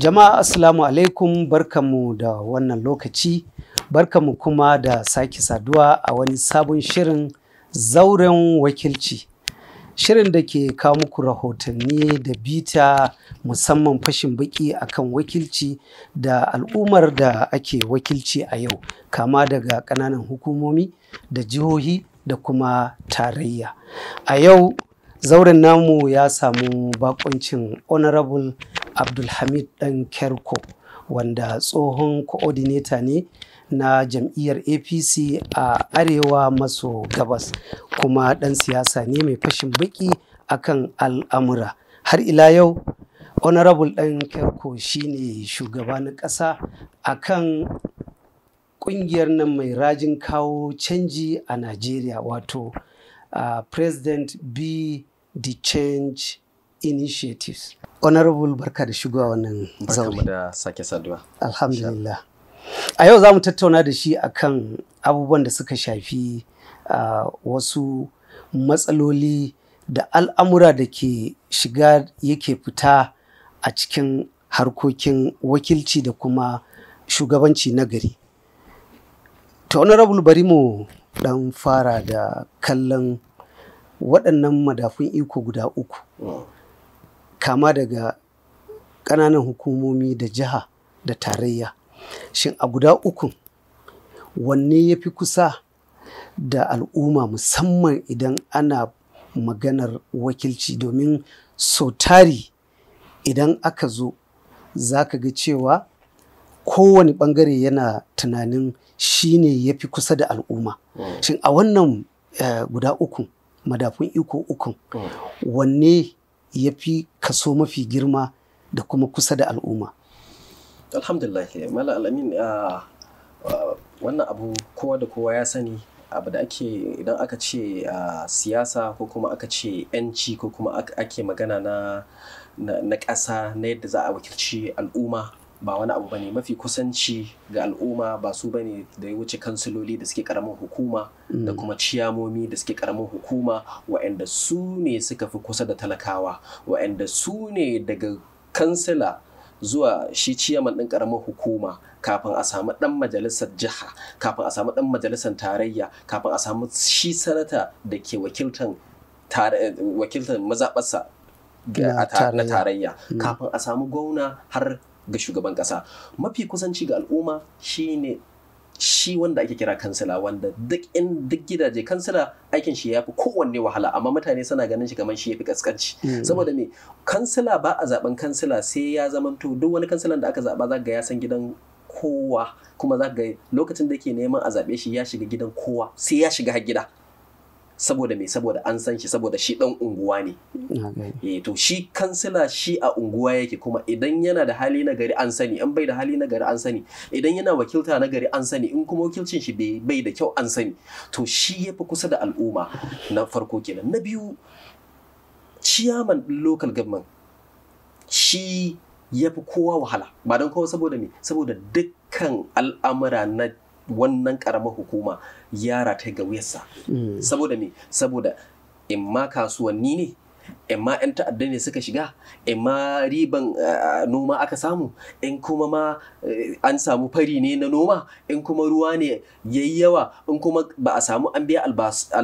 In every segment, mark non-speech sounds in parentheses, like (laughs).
Jama'a Assalamu alaikum barkamu da wannan lokaci, barkamu kuma da sake saduwa a wani sabon shirin zauren wakilci. Shirin da ke kawo muku rahotanni da bita musamman fashin baki akan wakilci da al'ummar da ake wakilci a yau, kama daga ƙananan hukumomi da jihohi da kuma tarayya. A yau zauren namu ya samu bakoncin honorable abdulhamid dan kerko wanda tsohon coordinator ne na jam'iyyar apc a arewa maso gabas kuma dan siyasa ne mai fashin baki akan al'amura har ila yau honorable dan kerko shine shugaba na ƙasa akan kungiyar nan mai rajin kawo canji a najeriya wato uh, President be the change initiatives. Honorable barka da shigowa wannan da sake saduwa. Alhamdulillah. A yau za mu tattauna da shi akan abubuwan da suka shafi uh, wasu matsaloli da al'amura da ke shiga yake fita a cikin harkokin wakilci da kuma shugabanci na gari. To, honorable bari mu dan fara da kallon waɗannan madafun iko guda uku kama daga ƙananan hukumomi da jiha da tarayya shin a guda ukun wanne ya fi kusa da al'umma musamman idan ana maganar wakilci domin sautari idan aka zo za ka ga cewa kowane bangare yana tunanin shi ne ya fi kusa da al'umma mm. shin a wannan eh, guda uku madafun iko uku mm. wanne ya fi kaso mafi girma da kuma kusa da al'umma alhamdulillah mala alamin ah, ah, wannan abu kowa da kowa ya sani abu da ake idan aka ce ah, siyasa ko kuma aka ce 'yanci ko kuma ake magana na na ƙasa na yadda za a wakilci al'umma ba wani abu bane mafi kusanci ga al'umma ba su bane da ya wuce kansiloli da suke karamin hukuma mm. da kuma ciyamomi da suke karamin hukuma wa'anda su ne suka fi kusa da talakawa wa'anda su ne daga kansila zuwa shi ciyaman ɗin ƙaramin hukuma kafin a samu ɗan majalisar jiha kafin a samu ɗan majalisar tarayya kafin a samu shi sanata da ke wakiltan wakiltan mazaɓarsa na tarayya mm. kafin a samu gwamna har ga shugaban kasa mafi kusanci ga al'umma shine shi wanda ake kira kansila wanda duk in duk gidaje kansila aikin shi ya fi kowanne wahala amma mutane suna ganin shi kamar shi ya fi kaskanci mm. saboda me kansila ba a zaben kansila sai ya zamanto duk wani kansilan da aka zaba za ga ya san gidan kowa kuma za ga lokacin da yake neman a zaɓe shi ya shiga gidan kowa sai ya shiga har gida saboda me saboda an san shi saboda shi dan unguwa ne eh to shi kansila shi a unguwa yake kuma idan yana da hali na gari an sani in bai da hali na gari an sani idan yana wakilta na gari an sani in kuma wakilcin shi bai da kyau an sani to shi ya fi kusa da al'umma na farko kenan na biyu ciyaman local government shi ya fi kowa wahala ba don kowa saboda me saboda dukkan al'amura na wannan karamar hukuma yara ta ga wuyarsa hmm. saboda me saboda in ma kasuwanni ne in ma 'yan ta'adda ne suka shiga in ma riban eh, noma aka samu in kuma ma eh, an samu fari ne na noma in kuma ruwa ne ya yi yawa in kuma ba a samu an biya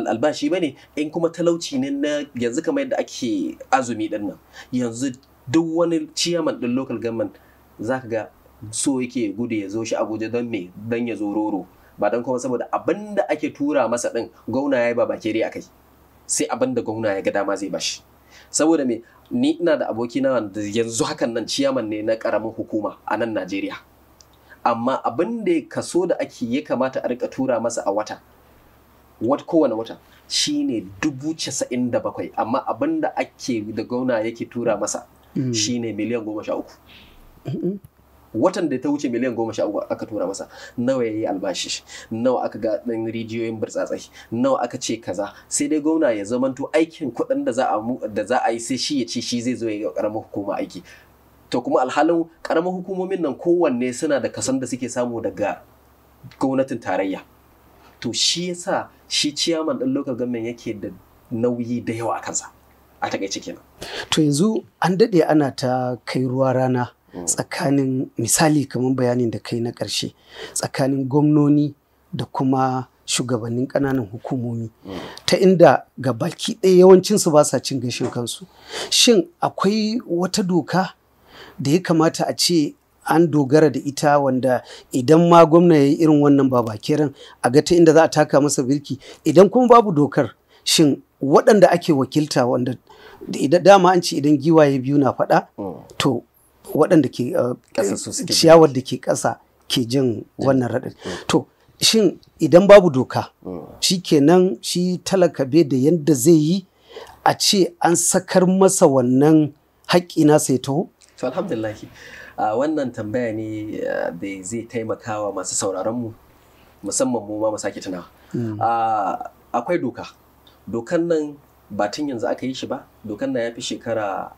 albashi ba ne in kuma talauci ne na yanzu kamar yadda ake azumi ɗin nan yanzu duk wani ciyaman ɗin local government za ka ga so yake gudu ya zo shi abuja don me don ya zo roro ba don kuma saboda abin da ake tura masa din gauna ya yi ba bakere a kai sai abin da gauna ya ga dama zai bashi saboda me ni ina da aboki na da yanzu hakan nan ciyaman ne na karamin hukuma a nan najeriya amma abin da kaso da ake ya kamata a rika tura masa a wata wata kowane wata shine dubu casa'in da bakwai amma abin da ake da gauna yake tura masa mm. Shi ne miliyan goma sha uku watan da ta wuce miliyan goma sha aka tura masa nawa ya yi albashi nawa aka ga ɗan rijiyoyin burtsatsai nawa aka ce kaza sai dai gwamna ya zamanto aikin kuɗin da za a yi sai shi ya ce shi zai zo ya ƙaramar hukuma aiki to kuma alhalin ƙaramar hukumomin nan kowanne suna da kasan da suke samu daga gwamnatin tarayya to shi yasa shi ciyaman ɗin local government yake da nauyi da yawa a kansa a takaice kenan to yanzu an daɗe ana ta kai ruwa rana Mm. tsakanin misali kamar bayanin da kai na ƙarshe tsakanin gwamnoni da kuma shugabannin ƙananan hukumomi mm. ta inda ga baki ɗaya yawancinsu ba sa cin gashin kansu shin akwai wata doka da ya kamata a ce an dogara da ita wanda idan ma gwamna ya yi irin wannan ba a ga ta inda za a taka masa birki idan kuma babu dokar shin waɗanda ake wakilta wanda dama an ce idan giwaye biyu na faɗa mm. to waɗanda ke uh, ciyawar da ke ƙasa ke jin wannan raɗin to shin idan babu doka shi kenan shi talaka be da yadda zai yi a ce an sakar masa wannan haƙƙi na sai taho to alhamdulahi wannan tambaya ne da zai taimakawa masu sauraronmu musamman mu ma mu sake tunawa hmm. akwai doka dokan nan ba tun yanzu aka yi shi ba dokan nan ya fi shekara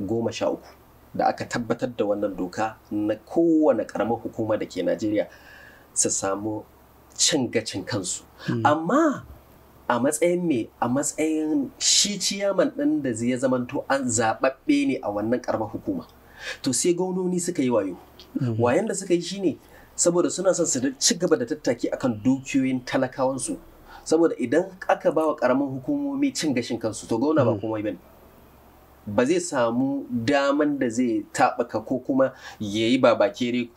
goma sha uku da aka tabbatar da wannan doka na kowane karamar hukuma da ke najeriya su samu cin gacin kansu hmm. amma a matsayin me a matsayin shi ciyaman ɗin da zai zamanto an zaɓaɓɓe ne a wannan karamar hukuma to sai gaunoni suka yi wayo hmm. wayan da suka yi ne saboda suna son su ci gaba da tattaki a kan dukiyoyin talakawansu saboda idan aka ba wa karamin hukumomi cin gashin kansu to gauna ba hmm. komai bane ba zai samu daman da zai taɓaka ko kuma ya yi babakere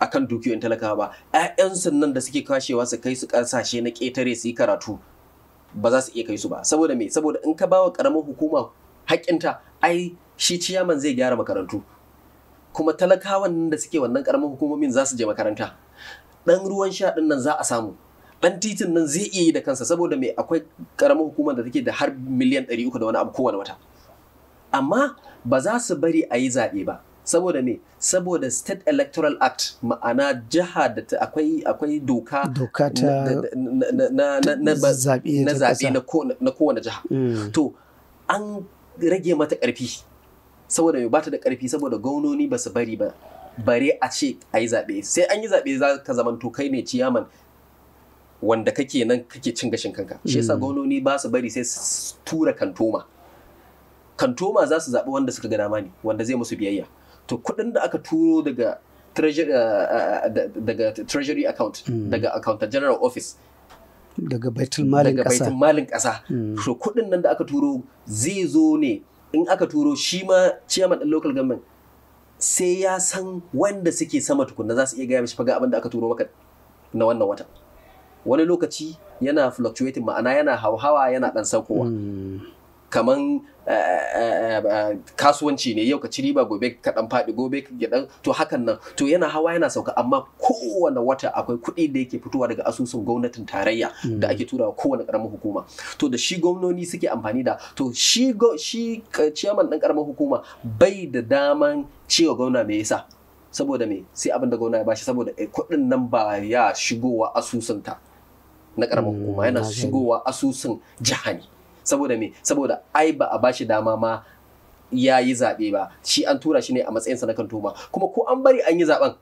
akan dukiyoyin talakawa ba 'ya'yansu nan da suke kashewa su kai su ƙasashe na ƙetare su yi karatu ba za su iya kai su ba saboda me saboda in ka bawa ƙaramin hukuma haƙƙinta ai shi ciyaman zai gyara makarantu kuma talakawan nan da suke wannan ƙaramin hukumomin za su je makaranta ɗan ruwan sha ɗin nan za a samu ɗan titin nan zai iya yi da kansa saboda me akwai ƙaramin hukumar da take da har miliyan 300 da wani abu kowane wata amma ba za su bari a yi zaɓe ba saboda me saboda state electoral act ma'ana jiha da akwai akwai doka doka ta na zaɓe na kowane jiha mm. to an rage mata ƙarfi saboda mai bata da ƙarfi saboda gaunoni ba su bari ba bare a ce a yi zaɓe sai an yi zaɓe za ka to kai ne ciyaman wanda kake nan kake cin gashin kanka shi yasa mm. gaunoni ba su bari sai tura kantoma kantoma za su zaɓi wanda suka ga dama ne wanda zai musu biyayya to kuɗin da aka turo daga treasury, eh, eh, daga treasury account hmm. daga account general office daga baitul malin ƙasa daga baitul malin ƙasa to hmm. kuɗin nan da aka turo zai zo ne in aka turo shi ma chairman ɗin local government sai ya san wanda suke sama tukunna za su iya gaya mishi faga abin da aka turo maka na wannan wata wani lokaci yana fluctuating ma'ana yana hauhawa yana ɗan saukowa hmm. kaman kasuwanci ne yau ka ci riba gobe ka dan faɗi gobe ka gida to hakan nan to yana hawa yana sauka amma kowane wata akwai kuɗi da yake fitowa daga asusun gwamnatin tarayya da hmm. ake tura turawa kowane karamar hukuma to da shi gwamnoni suke amfani da to shi shi eh, ciyaman ɗan karamar hukuma bai da daman cewa gwamna me yasa saboda me sai abin da gwamna ya bashi saboda eh, kuɗin nan ba ya shigowa asusunta na karamar hmm, hukuma yana shigowa asusun jiha ne saboda me saboda ai ba a bashi dama ma ya yi zaɓe ba shi an tura shi ne a matsayinsa na tuma. kuma ko an bari an yi zaɓen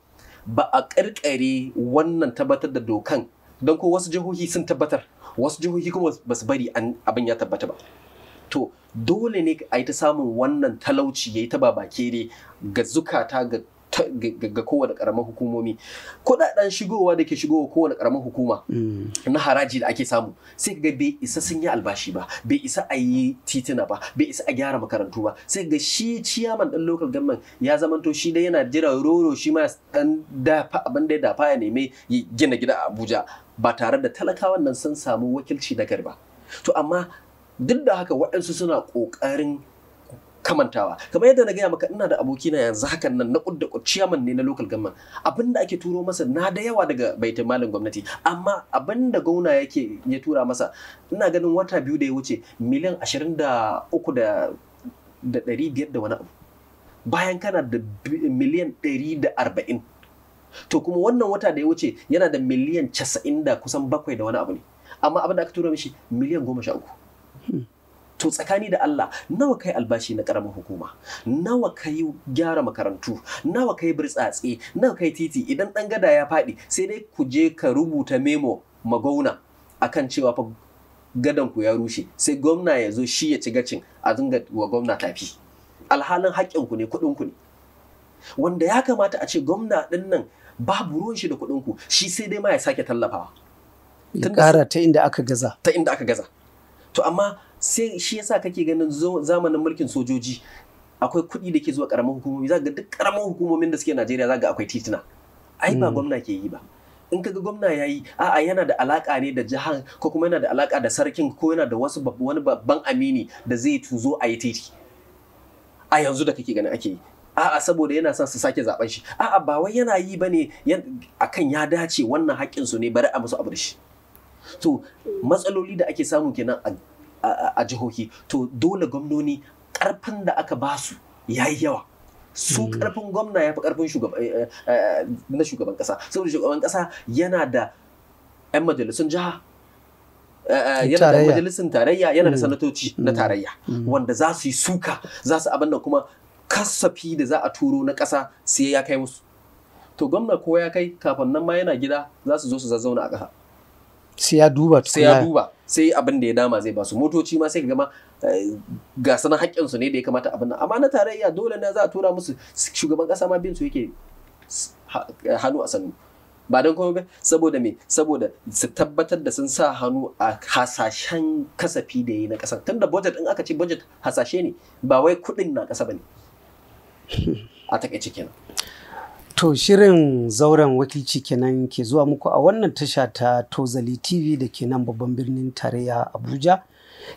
ba a ƙarƙare wannan tabbatar da dokan don ko wasu jihohi sun tabbatar wasu jihohi kuma ba su bari abin ya tabbata ba to dole ne a yi ta samun wannan talauci ya yi ta babakere ga zukata ga ga kowane karamar hukumomi kudaden shigowa da ke shigowa kowane karamar hukuma mm. na haraji da ake samu sai ga bai isa sun yi albashi ba bai isa a yi titina ba bai isa a gyara makarantu ba sai ga shi ciyaman dan local government ya zamanto shi dai yana jira roro shi ma dan dafa abin da ya dafa ya neme gina gida a Abuja ba tare da talakawan nan sun samu wakilci na garba. to amma duk da haka waɗansu suna ƙoƙarin kamantawa kamar yadda na gaya maka ina da aboki na yanzu hakan nan na kudda chairman ne na local government abin da ake turo masa na da yawa daga baitin malin gwamnati amma abin da gauna yake ya tura masa ina ganin wata biyu da ya wuce miliyan ashirin da uku da da biyar da wani abu bayan kana da miliyan ɗari da arba'in to kuma wannan wata da ya wuce yana da miliyan casa'in da kusan bakwai da wani abu ne amma abin da aka tura mishi miliyan goma sha uku hmm. to tsakani da Allah nawa kai albashi na karamar hukuma nawa kai gyara makarantu nawa kai burtsatse nawa kai titi idan dan gada ya faɗi sai dai ku je ka rubuta memo magauna akan cewa fa gadan ku ya rushe sai gwamna ya zo shi ya ci gacin a dinga wa gwamna tafi alhalin haƙƙin ku ne kuɗin ku ne wanda ya kamata a ce gwamna din nan babu ruwan shi da kuɗin ku shi sai dai ma ya sake tallafawa ya ƙara ta inda aka gaza ta inda aka gaza to amma sai shi yasa kake ganin zamanin mulkin sojoji akwai kuɗi da ke zuwa ƙaramin hukumomi za ga duk ƙaramin hukumomin da suke Najeriya za ga akwai tituna ai ba mm. gwamna ke yi ba in kaga gwamna ya yi a'a yana da alaka ne da jihar ko kuma yana da alaka da sarkin ko yana da wasu wani babban amini da zai tuzo a yi titi a yanzu da kake ganin ake yi a'a saboda yana son su sake zaben shi a'a ba wai yana yi bane akan ya dace wannan haƙƙin su ne bari a musu abu da shi to matsaloli da ake samu kenan a a jihohi to dole gwamnoni karfin da aka ba su ya yi yawa su karfin hmm. gwamna ya fi karfin na shugaban kasa saboda shugaban kasa yana da 'yan majalisun jiha eh, eh, yana da majalisun tarayya yana da hmm. sanatoci na hmm. tarayya wanda za su yi suka za su abin da kuma kasafi da za a turo na ƙasa sai ya kai musu to gwamna ko ya kai kafin nan ma yana gida za su zo su zazzauna a ƙasa sai ya duba sai ya duba sai abin da ya dama zai basu motoci ma sai ka gama ga sanan eh, haƙƙin su ne da ya kamata abin nan amma na tarayya dole ne za a tura musu shugaban ƙasa ma bin su yake hannu a sannu ba don kuma saboda me saboda su tabbatar da sun sa hannu a hasashen kasafi da yi na ƙasa tunda budget in aka ce budget hasashe ne ba wai kuɗin na ƙasa ba ne (laughs) a takaice kenan To shirin zauren wakilci kenan ke zuwa muku a wannan tasha ta Tozali TV da ke nan babban birnin tarayya Abuja.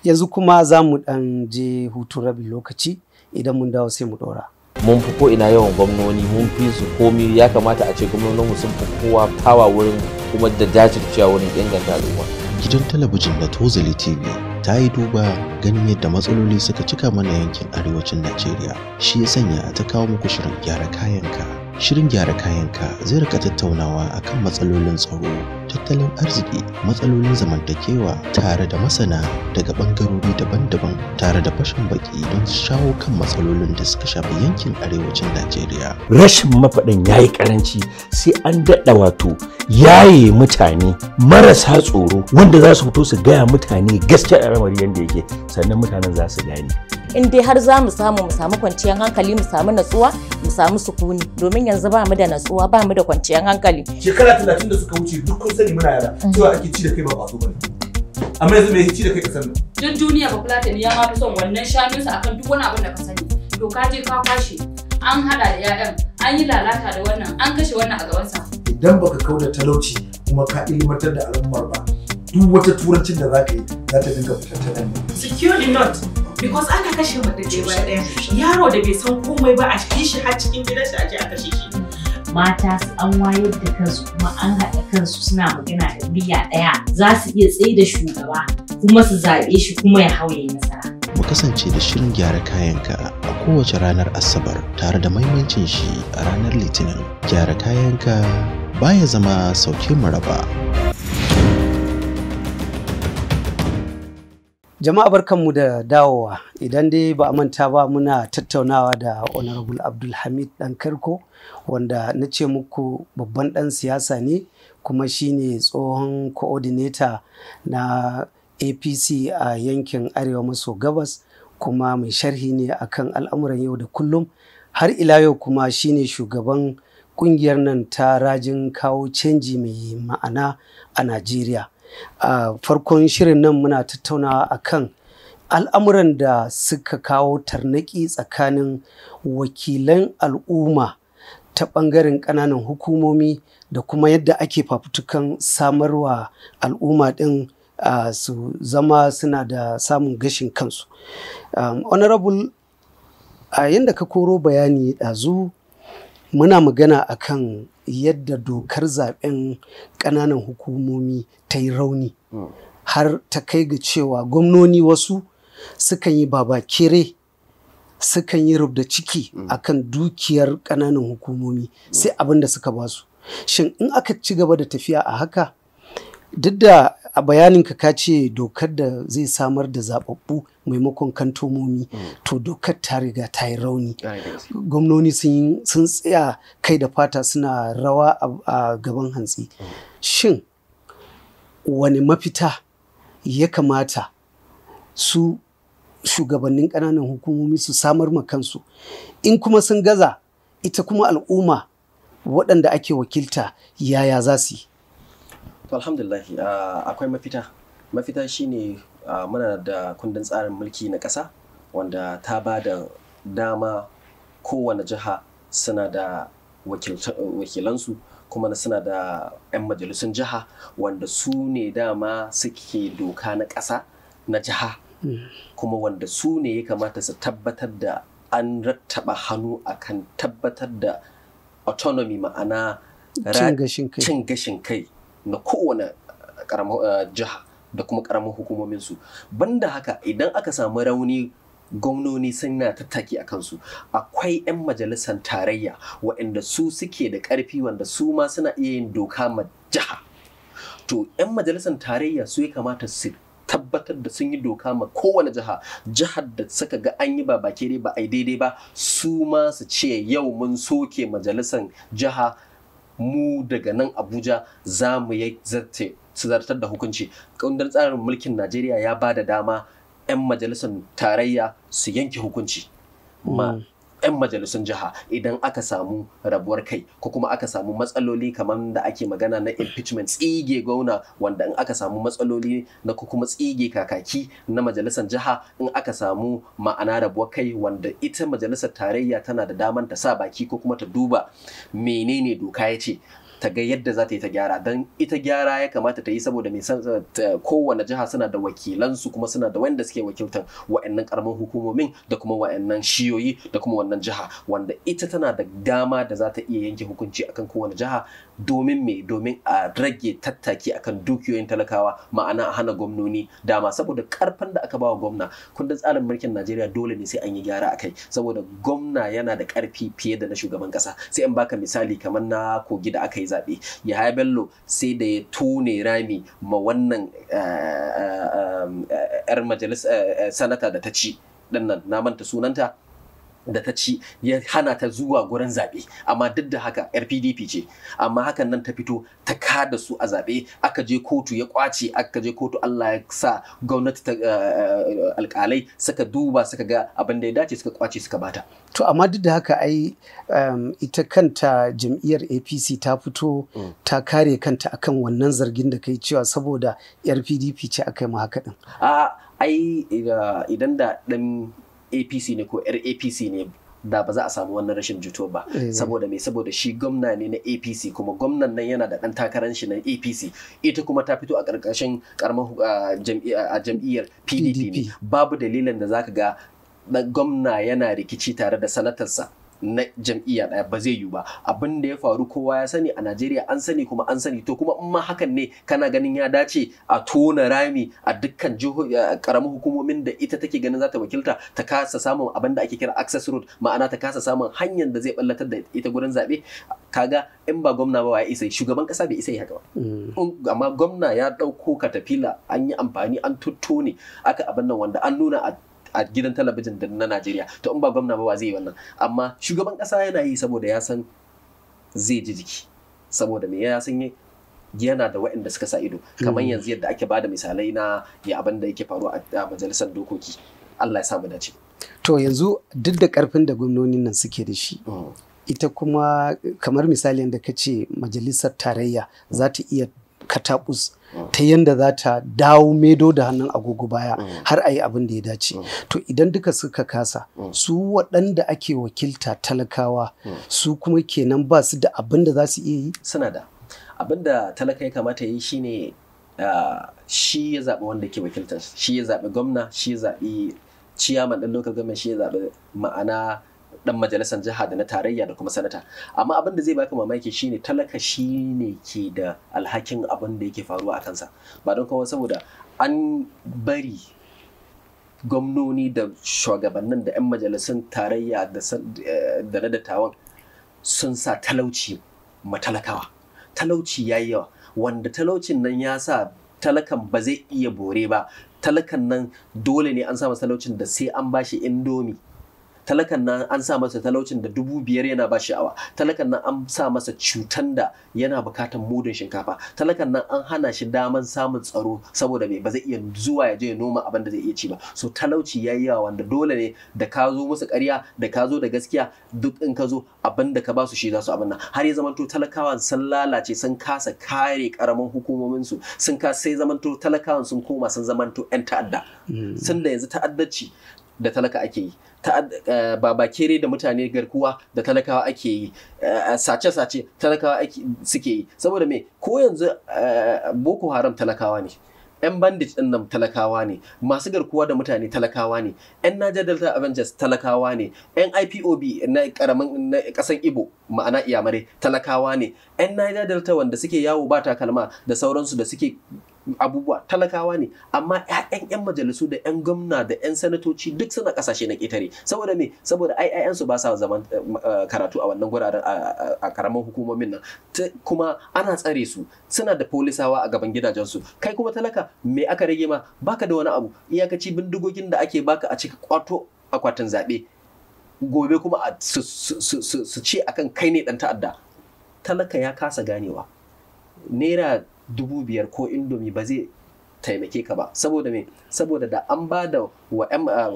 Yanzu kuma za mu ɗan je hutu rabin lokaci idan mun dawo sai mu ɗora. Mun fi ko ina yawan gwamnoni mun fi su komi ya kamata a ce gwamnoninmu sun fi kowa fawa wurin kuma da jajircewa wurin inganta al'umma. Gidan talabijin na Tozali TV ta yi duba ganin yadda matsaloli suka cika mana yankin arewacin Najeriya shi ya sanya ta kawo muku shirin gyara kayanka Shirin gyara kayanka zai rika tattaunawa akan matsalolin tsaro, tattalin arziki, matsalolin zamantakewa tare da masana daga bangarori daban-daban tare da fashin baki don shawo kan matsalolin da suka shafi yankin arewacin Najeriya. Rashin mafaɗin yayi karanci sai an daɗa wato yaye mutane marasa tsoro wanda za su fito su gaya mutane gaskiyar al'amari yadda yake sannan mutanen za su gane. In dai har za mu samu mu samu kwanciyar hankali mu samu natsuwa samu sukuni domin yanzu ba mu da natsuwa ba mu da kwanciyar hankali shekara talatin da suka wuce duk kun sani muna yara mm. cewa ake ci da kai ba kwazo bane amma yanzu mai ci da kai kasar nan duk duniya ba fulatani ya ma fi son wannan shanunsa akan duk wani abin da ka sani to ka je ka kwashe an hada da 'ya'yan an yi lalata da wannan an kashe wannan a gabansa idan baka kauda talauci kuma ka ilimantar da al'ummar ba duk wata turancin da za ka yi za ta dinga fitar ta nan the not because ana kashe mutum ce ba daya yaro da bai san komai ba a cikin shi har cikin gidan shi aje a kashe mata su an wayar da kansu kuma an haɗa kansu suna magana da miya ɗaya za su iya tsaye da shugaba kuma su zaɓe shi kuma ya hauye nasara mu kasance da shirin gyara kayanka a kowace ranar asabar tare da maimancin shi a ranar litinin gyara kayanka baya zama sauke mu raba jama'a barkanmu da dawowa idan dai ba a manta ba muna tattaunawa da honorable abdulhamid dankarko wanda na ce muku babban dan siyasa ne kuma shine tsohon coordinator na apc a yankin arewa maso gabas kuma mai sharhi ne akan al'amuran yau da kullum har ila yau kuma shine shugaban kungiyar nan ta rajin kawo canji mai ma'ana a najeriya a farkon shirin nan muna tattaunawa kan al'amuran da suka kawo tarnaki tsakanin wakilan al'umma ta ɓangaren ƙananan hukumomi da kuma yadda ake fafutukan samarwa al'umma ɗin uh, su zama suna da samun gashin kansu. Um, honorable a uh, yadda ka koro bayani ɗazu muna magana akan yadda dokar zaben ƙananan hukumomi ta yi rauni hmm. har ta kai ga cewa gwamnoni wasu sukan yi babakere sukan yi rubda ciki hmm. akan dukiyar ƙananan hukumomi sai abin da suka basu shin in aka ci gaba da tafiya a haka duk da a bayanin ka ce dokar da zai samar da zababbu maimakon kantomomi mm. to dokar ta riga ta yi rauni gwamnoni sun tsaya kai da fata suna rawa a gaban hantsi mm. shin wani mafita ya kamata su shugabannin ƙananan hukumomi su samar ma kansu in kuma sun gaza ita kuma al'umma waɗanda ake wakilta yaya za su yi to alhamdulillah ah, akwai mafita mafita shine ah, muna da kundin tsarin mulki na ƙasa wanda ta ba da dama kowane jiha suna da wakilansu kuma suna da 'yan majalisun jiha wanda su ne dama suke doka na ƙasa na jiha kuma wanda su ne ya kamata su tabbatar da an rattaba hannu akan tabbatar da autonomy ma'ana cin gashin kai na kowane eh, eh, jiha da kuma karamin su banda haka idan aka samu rauni gwamnoni suna tattaki a kansu akwai 'yan majalisar tarayya waɗanda su suke da ƙarfi wanda su ma suna iya yin doka ma jiha to 'yan majalisar tarayya su ya kamata su tabbatar da sun yi doka ma kowane jiha jihar da suka ga an yi ba ba ba a daidai ba su ma su ce yau mun soke majalisar jiha mu daga nan abuja za mu yi zartar da hukunci kundin tsarin mulkin najeriya ya ba da dama 'yan majalisar tarayya su yanke hukunci mm. 'yan majalisun jiha idan aka samu rabuwar kai ko kuma aka samu matsaloli kamar da ake magana na impeachment tsige gauna wanda in aka samu matsaloli na ko kuma tsige kakaki na majalisar jiha in aka samu ma'ana rabuwar kai wanda ita majalisar tarayya tana da daman ta sa baki ko kuma ta duba menene doka ya ce ta ga yadda za ta yi ta gyara don ita gyara ya kamata ta yi saboda mai kowane jiha suna da wakilansu kuma suna da wanda suke wakiltan wa'annan karamin hukumomin da kuma wa'annan shiyoyi da kuma wannan jiha wanda ita tana da dama da za ta iya yanke hukunci akan kowane jiha domin me domin a rage tattaki akan dukiyoyin talakawa ma'ana a hana gwamnoni dama saboda karfin da aka bawa gwamna kundin tsarin mulkin Najeriya dole ne sai an yi gyara a kai. saboda gwamna yana da karfi fiye da na shugaban kasa sai in baka misali kamar na kogi da aka yi zaɓe Yahaya Bello sai da ya tone rami ma wannan yar eh, eh, eh, majalis sanata da ta ci dannan na manta sunanta da ta ci ya hana ta zuwa gurin zaɓe amma duk da haka yar pdp ce amma hakan nan ta fito ta kada su a zaɓe aka je kotu ya kwace aka je kotu allah ya sa gwamnati ta eh, alkalai suka duba suka ga abin da ya dace suka kwace suka bata to amma duk da haka ai um, ita kanta jam'iyyar apc ta fito mm. ta kare kanta akan wannan zargin da kai cewa saboda yar pdp ce aka yi mu haka din ai idan da dan apc ne ko yar apc ne da ba za a samu wannan rashin jito ba eh. saboda me saboda shi gwamna ne na apc kuma gwamnan nan yana da ɗan takarar shi na apc ita kuma ta fito a ƙarƙashin ƙaramar a jam'iyyar pdp ne babu dalilin da zaka ga gwamna yana rikici tare da sanatarsa na jam'iyya ɗaya ba zai yiwu ba abin da ya faru kowa ya sani a Najeriya an sani kuma an sani to kuma in ma hakan ne kana ganin ya dace a tona rami a dukkan karamin hukumomin da ita take ganin za ta wakilta ta kasa samun abin da ake kira access road ma'ana ta kasa samun hanyar da zai ballatar da ita gurin zabe. kaga in ba gwamna ba ya isa shugaban kasa bai isa haka ba mm. amma gwamna ya ɗauko katafila an yi amfani an tutto aka abin nan wanda an nuna a a gidan talabijin da na Najeriya to in ba gwamna ba ba zai yi wannan amma shugaban ƙasa yana yi saboda ya san zai ji jiki saboda me ya san yana da waɗanda suka sa ido kamar hmm. yanzu yadda ake bada misalai na ya abin da yake faruwa a majalisar dokoki Allah ya samu dace to yanzu duk da karfin da gwamnonin nan suke da shi hmm. ita kuma kamar misali da ka ce majalisar tarayya za ta iya katakus ta yanda za ta dawo medo da hannun agogo baya mm. har a yi abin da ya dace mm. to idan duka suka kasa mm. su waɗanda ake wakilta talakawa su kuma kenan ba su da abin da za su iya yi suna da abin da talaka ya kamata yi ne ah, shi ya zaɓi wanda ke wakilta shi ya zaɓi gwamna shi ya zaɓi ciyaman ɗan lokacin gwamna shi ya zaɓi ma'ana dan majalisar jiha da na tarayya da kuma sanata amma abin da zai baka mamaki shine talaka shine ke da alhakin abin da yake faruwa a kansa ba don kawai saboda an bari gwamnoni da shugabannin da 'yan majalisun tarayya da eh, na dattawan sun sa talauci matalakawa talauci ya yi yawa wanda talaucin nan ya sa talakan ba zai iya bore ba talakan nan dole ne an sa talaucin da sai an bashi indomi talakan nan an sa masa talaucin da dubu biyar yana ba shi awa talakan nan an sa masa cutan da yana bukatan mudun shinkafa talakan nan an hana shi daman samun tsaro saboda me ba zai iya zuwa ya je ya noma abin da zai iya ci ba so talauci ya yi yawa wanda dole ne da ka zo musu ƙarya da ka zo da gaskiya duk in ka zo abinda ka ba su shi za su abin nan har ya zamanto talakawan sun lalace sun kasa kare karamin hukumomin su sun kasa sai zamanto talakawan sun koma sun zamanto 'yan ta'adda sun mm. da yanzu ta'addaci da talaka ake yi eh, babakere da mutane garkuwa da talakawa ake yi eh, sace-sace talakawa suke yi saboda me ko yanzu eh, boko haram talakawa ne 'yan bandit ɗin nan talakawa ne masu garkuwa da mutane talakawa ne 'yan Niger Delta Avengers talakawa ne 'yan IPOB na karamin na kasan Ibo ma'ana iyamare talakawa ne 'yan Niger Delta wanda suke yawo ba takalma da sauransu da suke abubuwa talakawa ne amma ƴaƴan ƴan majalisu da ƴan gwamna da ƴan sanatoci duk suna kasashe na ƙetare saboda me saboda ai 'ya'yansu ba sa zaman eh, eh, karatu a wannan guraren a karaman hukumomin nan kuma ana tsare su suna da polisawa a gaban gidajen su kai kuma talaka me aka rage ma baka da wani abu iyakaci bindigogin da ake baka a cikin kwato akwatin zaɓe gobe kuma su ce akan kai ne ɗan ta'adda talaka ya kasa ganewa naira dubu biyar ko indomi ba zai taimake ka ba saboda me saboda da an ba da wa ah,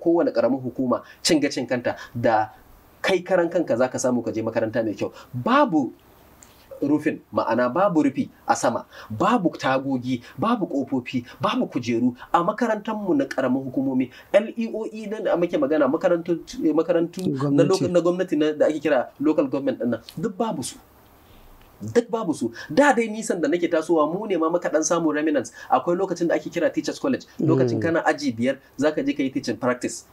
kowane karamin hukuma cin gacin kanta da kai karan kanka za ka samu ka je makaranta mai kyau babu rufin ma'ana babu rufi a sama babu tagogi babu kofofi babu kujeru a mu na karamin hukumomi leoe e na da muke magana makarantu eh, na gwamnati da ake kira local government ɗin duk babu su duk babu su da dai nisan da nake tasowa mu ne ma muka dan samu remnants akwai lokacin da ake kira teachers college mm. lokacin kana aji biyar zaka je kai teaching practice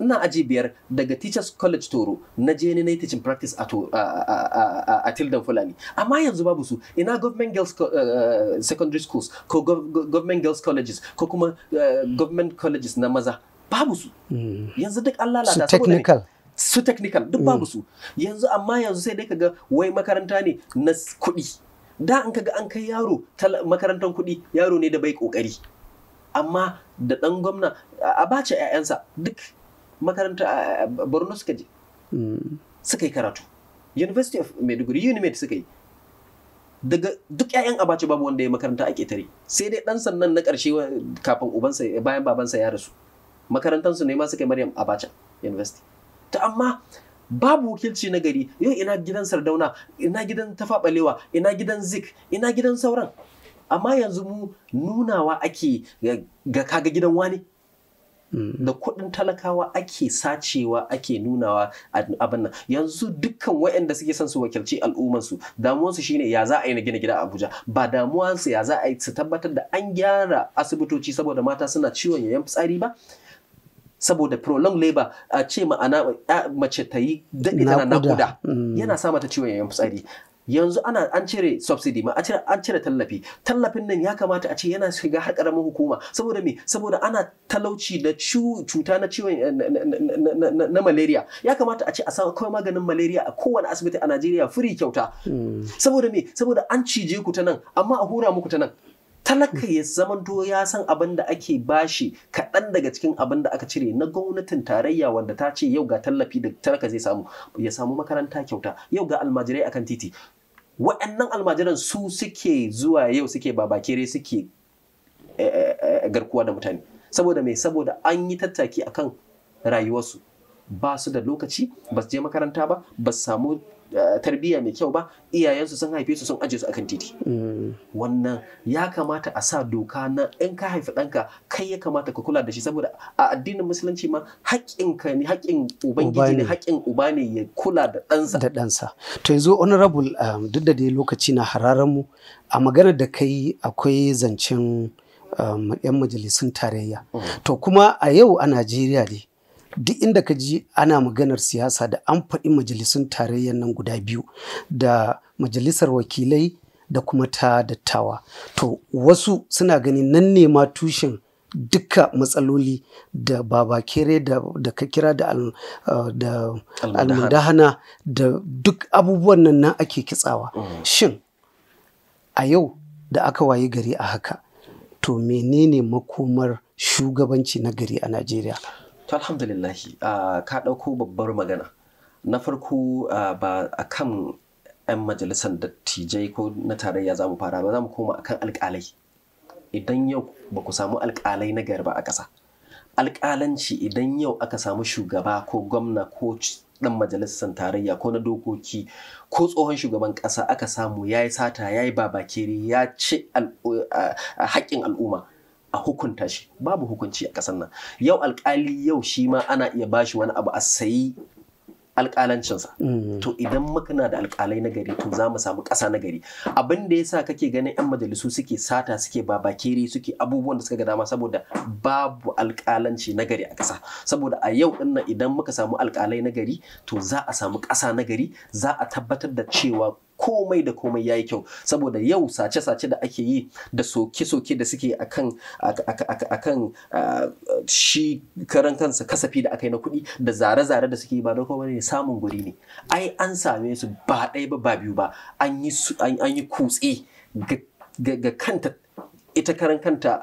ina aji biyar daga teachers college toro na je ni na teaching practice a, a, a, tildan fulani amma yanzu babu su ina government girls uh, secondary schools ko government girls colleges ko kuma uh, government colleges na maza babu su mm. yanzu duk an lalata su technical su technical duk babu mm. su yanzu amma yanzu sai dai kaga wai makaranta ne na kuɗi da an kaga an kai yaro makarantar kuɗi yaro ne da bai kokari amma da ɗan gwamna a bace 'ya'yansa duk makaranta borno suka je mm. suka yi karatu university of maiduguri unimed suka yi daga duk 'ya'yan bace babu wanda ya makaranta a ketare sai dai ɗan sannan na ƙarshe kafin ubansa bayan babansa ya rasu makarantansu ne ma suka yi maryam abacha university ta amma babu wakilci na gari yau ina gidan sardauna ina gidan tafaɓalewa ina gidan zik ina gidan sauran amma yanzu mu nunawa ake ga kaga gidan wani mm. da kuɗin talakawa ake sacewa ake nunawa abin nan yanzu dukkan waɗanda suke son su wakilci al'ummarsu damuwansu shine ya za a yi na gina gida a abuja ba damuwarsu ya za a yi su tabbatar da an gyara asibitoci saboda mata suna ciwon yayan fitsari ba saboda prolong labor a ce ma'ana mace ta yi daɗe tana naƙuda, mm. yana sa mata ciwon yayin fitsari yanzu ana an cire subsidy ma an cire tallafi tallafin nan ya kamata a ce yana shiga har karamin hukuma saboda me saboda ana talauci da cuta na ciwon eh, na malaria ya kamata a ce a samu kawai maganin malaria a kowane asibiti a Najeriya free kyauta mm. saboda me saboda an cije ku ta nan amma a hura muku ta nan talaka ya zamanto ya san abin da ake bashi kaɗan daga cikin abin da aka cire na gwamnatin tarayya wanda ta ce yau ga tallafi da talaka zai samu ya samu makaranta kyauta yau ga almajirai akan titi waɗannan almajiran su suke zuwa yau suke babakere suke eh, eh, eh, garkuwa da mutane saboda mai saboda an yi tattaki akan rayuwarsu ba su da lokaci ba su je makaranta ba ba su samu tarbiyya mai kyau ba iyayensu sun haife su sun aje su akan titi mm. wannan ya kamata a sa doka na in ka haifi ɗanka kai ya kamata ka kula da shi saboda a addinin musulunci ma haƙƙinka ne haƙƙin ubangiji ne haƙƙin uba ne ya kula da ɗansa da ɗansa to yanzu honorable um, duk da dai lokaci na hararar mu a maganar da kai akwai zancen um, yan majalisun tarayya mm. to kuma a yau a Najeriya ne duk inda ka ji ana maganar siyasa da an faɗi majalisun tarayyar nan guda biyu da majalisar wakilai da kuma ta dattawa to wasu suna ganin nan ne ma tushen duka matsaloli da babakere da, da ka kira da, al, uh, da duk abubuwan nan nan ake kitsawa mm. shin a yau da aka waye gari a haka to menene makomar shugabanci na gari a najeriya to alhamdulillahi ka ɗauko babbar magana na farko ba a kan 'yan majalisar dattijai ko na tarayya za mu fara ba za mu koma akan alƙalai idan yau ba ku samu alƙalai na gari ba a ƙasa alƙalanci idan yau aka samu shugaba ko gwamna ko ɗan majalisar tarayya ko na dokoki ko tsohon shugaban ƙasa aka samu ya yi sata ya yi babakere ya ci haƙƙin al'umma a hukunta shi babu hukunci a ƙasar nan yau alkali yau shi ma ana iya bashi wani abu a sayi alƙalancinsa mm. to idan muka na da alƙalai na gari to za mu samu ƙasa na gari abin da yasa kake ganin 'yan majalisu suke sata suke babakere suke abubuwan da suka ga dama saboda babu alƙalanci na gari a ƙasa saboda a yau din nan idan muka samu alƙalai na gari to za a samu ƙasa na gari za a tabbatar da cewa komai da komai ya yi kyau saboda yau sace-sace da ake yi da soke-soke da suke akan akan shi karan kansa kasafi da aka yi na kuɗi da zare-zare da suke ba da komai ne samun guri ne ai an same su ba ɗaya ba ba biyu ba an yi kutse ga kanta ita karan kanta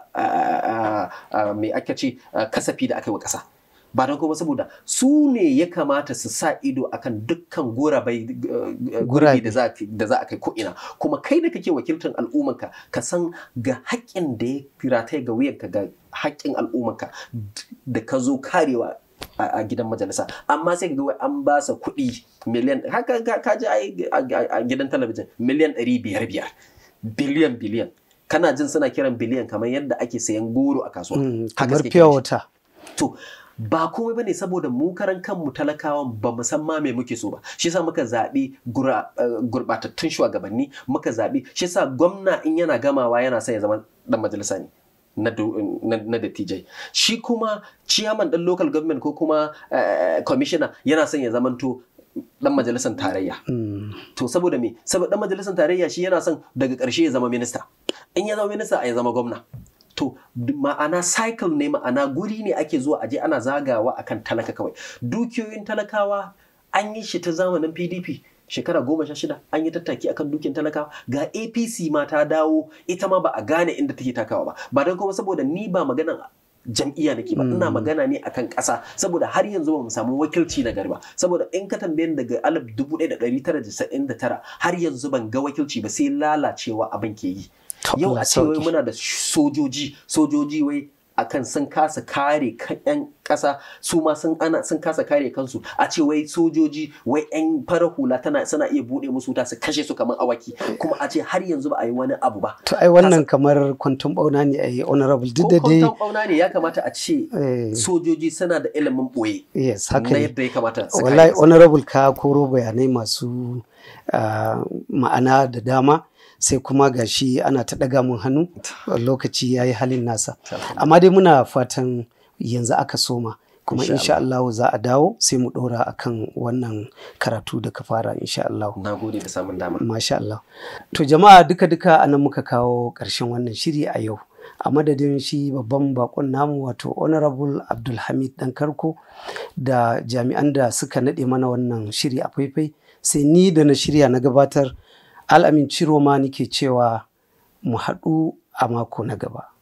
mai ake ce kasafi da aka yi wa ƙasa ba don kuma saboda su ne ya kamata su sa ido akan dukkan gurabai eh, gurabi da za a kai ko'ina kuma kai da kake wakiltar al'ummanka ka san ga haƙƙin da ya rataya ga wuyanka ga haƙƙin al'ummanka da ka zo karewa a gidan majalisa amma sai ga an ba sa kuɗi miliyan haka ka ji a gidan talabijin miliyan ɗari biyar biyar biliyan biliyan kana jin suna kiran biliyan kamar yadda ake sayan goro a kasuwa hmm, kamar pure water ba komai bane saboda mu karan kanmu talakawa ba mu san ma me muke so ba shi yasa muka zabi gurbatattun eh, shugabanni muka zabi shi yasa gwamna in yana gamawa yana son ya zama dan majalisa ne na dattijai shi kuma ciyaman dan local government ko kuma eh, commissioner yana son ya zamanto dan majalisar tarayya. Mm. To saboda me? Saboda dan majalisar tarayya shi yana son daga karshe ya zama minista. In ya zama minista a ya zama gwamna. to ma'ana cycle ne ma'ana guri ne ake zuwa aje ana zagawa akan talaka kawai dukiyoyin talakawa an yi shi ta zamanin pdp shekara goma sha shida an yi tattaki akan dukin talakawa ga apc ma ta dawo ita ma ba a gane inda take takawa ba ba don kuma saboda ni ba maganan jam'iyya nake ba ina hmm. magana ne akan kasa saboda har yanzu ba mu samu wakilci na gari ba saboda in ka tambaye daga alif dubu ɗaya da dari tara da tara har yanzu ban ga wakilci ba sai lalacewa abin ke yi yau a ce wai muna da sojoji sojoji wai akan sun kasa kare yan ƙasa su ma sun ana sun kasa kare kansu a ce wai sojoji wai yan fara hula tana suna iya bude musu wuta su kashe su kamar awaki kuma a ce har yanzu ba a yi wani abu ba to ai wannan kamar kwantum bauna ne ai honorable duk da dai kwantum bauna ne ya kamata a ce eh. sojoji suna da ilimin boye yes haka ne yadda ya kamata wallahi honorable ka koro bayanai masu ah, ma'ana da dama sai kuma gashi ana ta ɗaga mun hannu lokaci ya yi halin nasa amma dai muna fatan yanzu aka soma kuma insha Allah za a dawo sai mu ɗora a kan wannan karatu da ka fara insha Allah na gode da samun dama masha Allah to jama'a duka duka anan muka kawo ƙarshen wannan shiri a yau a madadin shi babban bakon namu wato honorable abdulhamid karko da jami'an da suka naɗe mana wannan shiri a faifai sai ni da na shirya na gabatar al'amin Roma nike cewa mu haɗu a mako na gaba